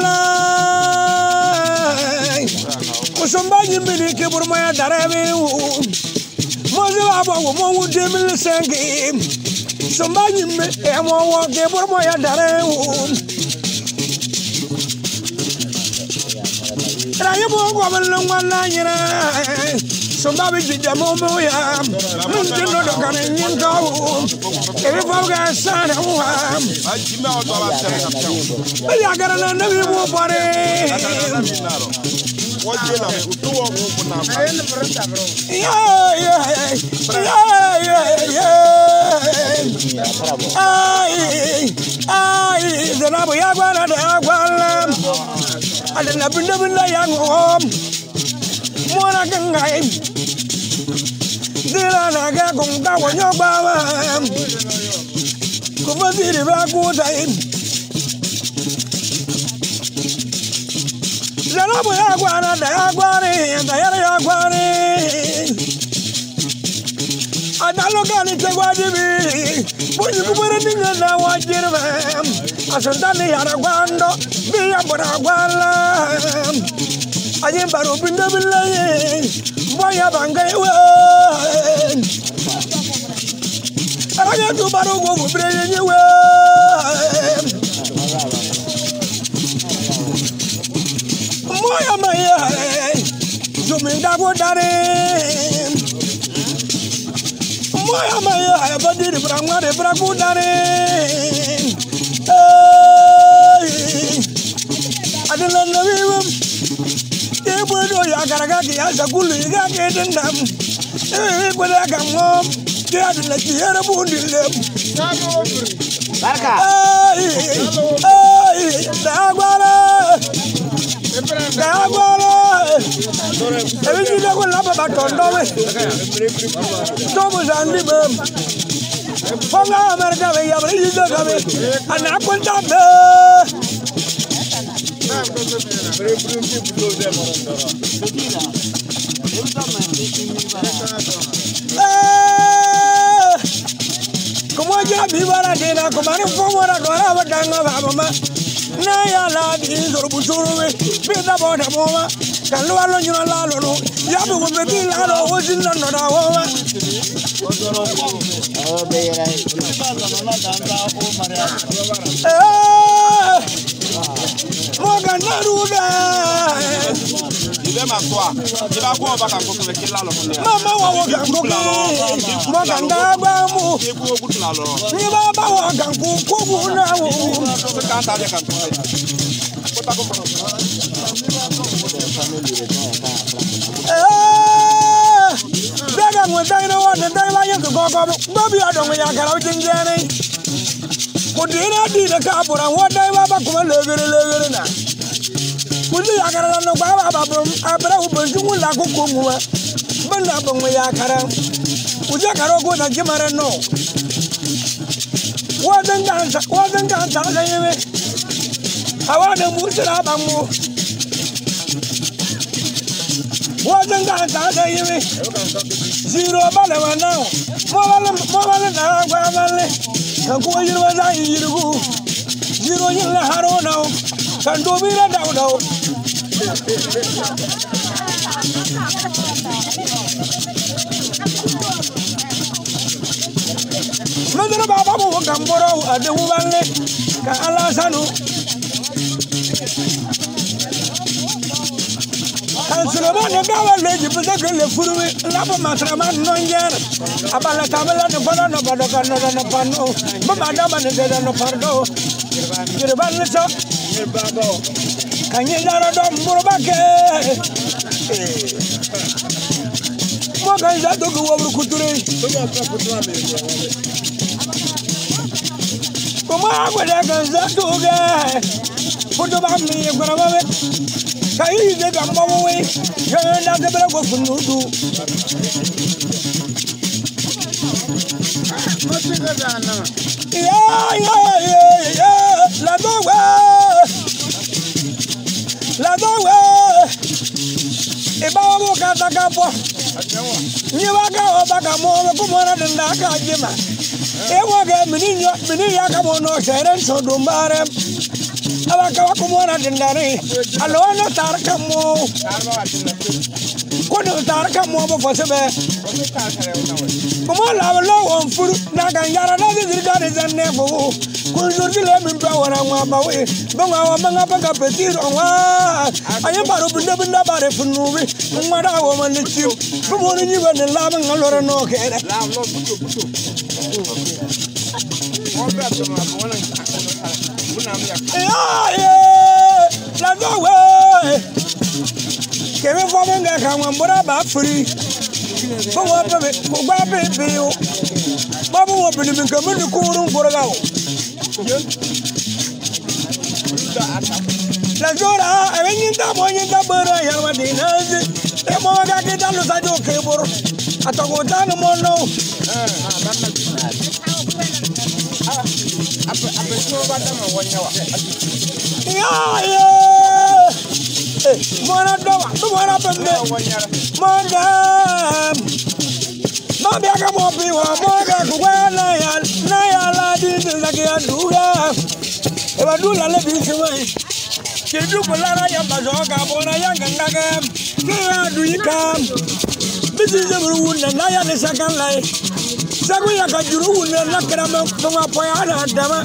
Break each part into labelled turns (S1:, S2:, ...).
S1: lai musumba nyimbili kiburuma ya darebi moziba bongo mo wu 2005 sumba nyimbe emo wo kiburuma ya darebi ra yebo ko ballo ngwana nyira sumba bi jamo mo ya mun dindo do kan nyin tawu ga sana wa ajima o to ba tere na pia ay agara na na bi mo pare wajje na utu wo mo bu na ma yo yo yo yo yo ay ay zana bo ya gwana da agwala adana binda binda ya ngom mona gangai dira na ga gonga wonyo bawa biri bakuta inu lalabu yagwana dayagwani dayara yagwani adalogani tegwadibi buzikubere ningena wajirme asundani yaragwando biyaburagwala ayimbarubindobile boyabangewe onye tụbara ụgwọ gwobere ya nye moya, mmụọ ya ma ihe moya, eh, mmụọ ya ma ihe ebedịrịbara nwa rịbaragwụdarị eh, adịla nnawe iwe m gara ya zagwulu ị gaghị eh, dị nna Diyadu na Thank you. kumoja bibara dina kumani fomora dora wadanga babama na ya la di zoro busuruwe bida boda moma kalwa eh, lo nyuna la lo no ya bu gombe bi la lo o sin no na wo wa o mo ga na ruga bɛma so e eh, eh. a n'i b'a bɔ ɔba kan kosɛbɛ k'i la lɔrɔ ne yan. mama wa wo ganko bɛ mɔ ganga b'a mu. k'i ko gudu la lɔrɔ. n'i b'a ba wa ganko ko b'u na wo. bɛ k'an ta de kan kosɛbɛ. ko ta wuli yakara la na gbaa baa bom abara wo bon jungu la ko ko muwa na bon yakara wo yakara go no wa dan kan sa wa dan kan la yewe awa da mu sira ban mu wa dan kan sa la yewe zero bala wa na mo bala na gwa bala kan ko yirwa za yirgu zero yin la haro na kan dobira dawo dawo Mẹ́tẹ́rẹ́ bàbá bò wọ́n kà ń bọ́rọ̀ àdéhùn bá ń lé ka alásánú. Kansilema ne gawa le jibisa ke le furu mi labo masirama no nyɛrɛ abala tabala ne kɔnɔ nɔba dɔ ka no no pa nɔ bama dama ne dɛdɛ ne pa dɔ yiriba ne sɔ anyị dara dọ mkpụrụ bake mọganiza togo woburu kuturi kuma agwada ganza toge kudu ba mi gwara ba ka yi ize ga mgbanwe yoyo na debere gofu n'udu Yeah, yeah, yeah, yeah. ibawa mu ka taka po nyi wa ka o ba ka mo me ku na den da ka jima e wo ga mini ya ka mo no sere nso do mbare ala kawa ko mona dindani alo no tar kamo ko no tar kamo bo fose be ko mo la lo on furu na kan yara na bi dirga de zanne bo kun zurdi le min ba wara ma ba we ba ma wa manga ba ka petir on wa ayi baro bunda bunda bare funu bi ma da wo man ni ci bu mo ni ba ne la ban lo no ke la lo bu bu la dɔwɛ kɛmɛ fɔ min kɛ kan ŋun bɔra b'a firi fo ŋun bɛ o gba bɛ bɛ o ba bɛ ŋun bini min kɛ min ni kuurun koroga o. la dɔwɛrɛ a bɛ ɲin ta bɔ ɲin ta bɔra yɛlɛma de na se e mɔ ka k'i da lusa jɔ k'e bɔrɔ a tɔgɔ t'a ni mɔ nɔ mwana dowa to mwana pembe mwana mabia ka mopi wa mwana kuwana ya na ya la dinde zake ya dura e ba dura le bi se mai ke du ko la ra ya ba zo ka bona ya nganga ka ke ya du ika bi se se buru wunda na ya ne sakan lai sagu ya ka juru wunda na kra ma ma po ya na dama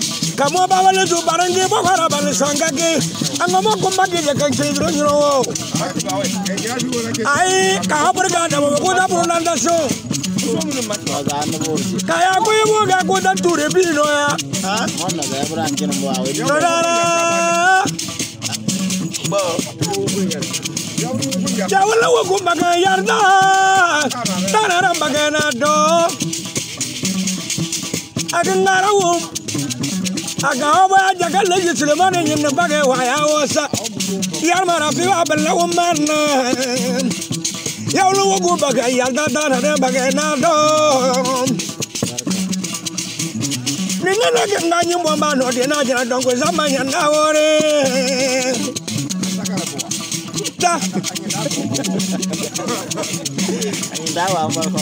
S1: kamo bawale du barange bo khara ban sanga ge ango mo kumba ge je kan chiro nyiro ai ka par ga da ko da pro nan da kaya ko yebo ga ko da ture bi ya ha wonna ga bra an kin bo awe no da ba Jawala wo kumba ga do agangara wo أقام بعدك اللي يسلمان ينبغي ويا وسا يا مرافي وابلا ومان يا ولو بقى يا دادانا بقى نادوم Ninana kenda nyimbo mano dina jina dongo zama nyanda wore Ta Ndawa mbako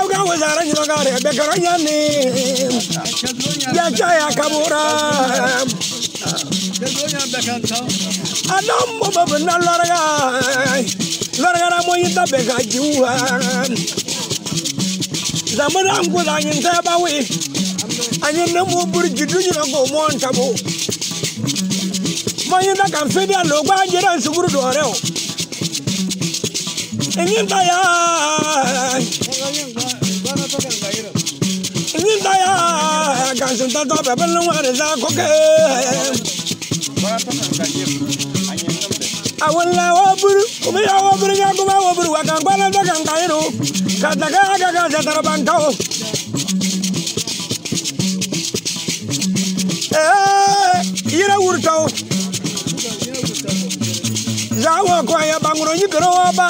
S1: gauga wazara nyogare bekaro nyane ya chaya kabura adam mo bab na larga larga na mo yinda beka juwa zamana angu da yin ta bawe anyi ne mo burji dunyina go mo ntabo mo yinda kan fedi alo gba jira nsuguru do reo enyi ta ya Nindaya kansin tata bɛbɛn Zawo kɔn ya yi gɛrɛ wa ba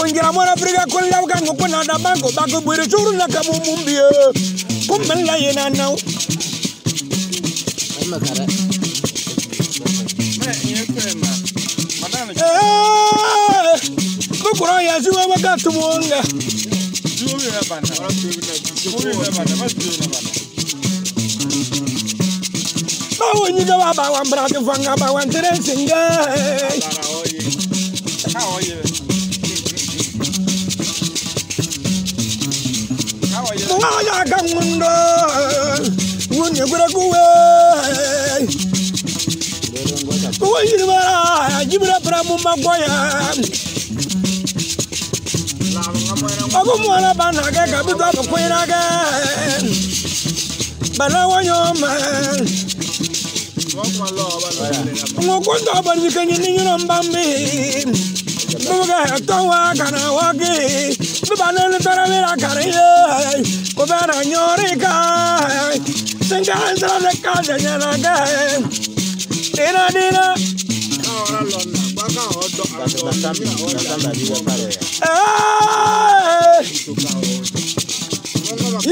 S1: konjira mwana afrika kon law kan ko na da banko ba ko bure churu na kamu mumbiye kum yena naw ko eh, ya si wa tumonga bawo nyi ga ba ba wa mbra singa waya gamundo wunye gure kuwe wuyiri bara jibira bara mu magoya ogu mwana bana ke kabitu abakwira ke bana wanyoma ngokwenda abarikenye ninyina mbambi bubugayakto wakana waki bibanelitara birakariye kubera nyorika singansirasekazanyanage dina dina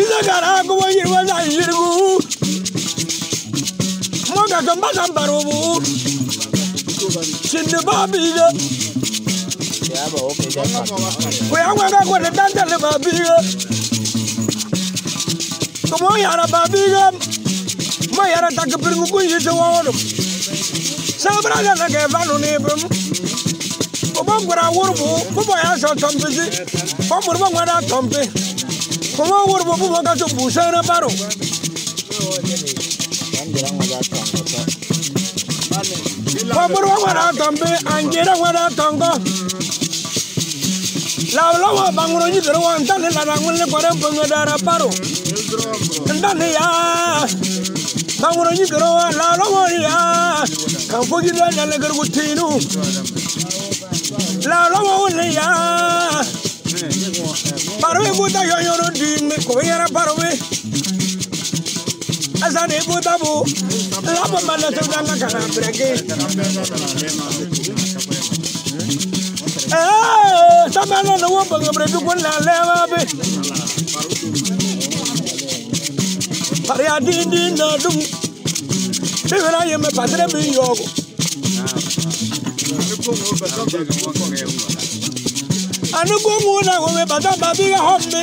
S1: izagarakuboyirwazayirigu gamba gambar bu. Şimdi babiye. Kuya wanga kwene dandale babiye. Kumo yara babiye. Mo yara tak piringu kuyi jawonu. Sabra gana ke vanu ne brum. Kumo ngura wurbu. Kumo ya so tompisi. Kumo wurbu ngwana tompi. Kumo wurbu kumo kaso busana baro angira ngwada kwamuru ngwada tombe angira ngwada tongo lawla wa banguro nyidoro wa ntani la ngwele kore mpongo dara paro Ndani ya banguro nyidoro wa lawla wa ya kampogi dwa nyale gargu tinu lawla wa ule ya Parwe kuta yoyoro dingi kuyera parwe sani ibu tabu labo mana tu danga kana breki eh tamana no wo banga breki kun la lewa be paria din din na dum bibira padre mi yogo anu kongu na go be padamba bi ga homme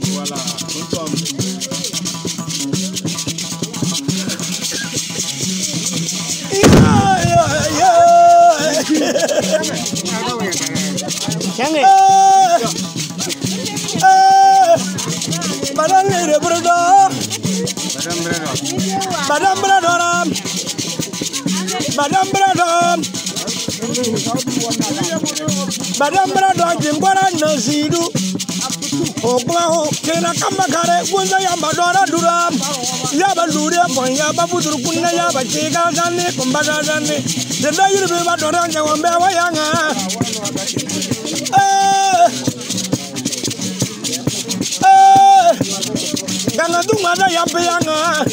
S1: badam brado badam brado jimbora no zidu ogba ho kena kamba kare gunza yamba dora dura yaba lure pon yaba budur kunna yaba chiga zanne kumbada zanne zenda yirbe ba dora nya wambe wayanga eh eh ganga dumada yamba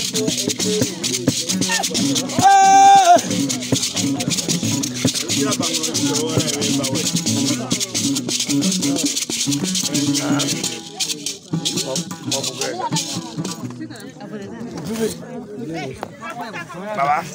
S1: baba.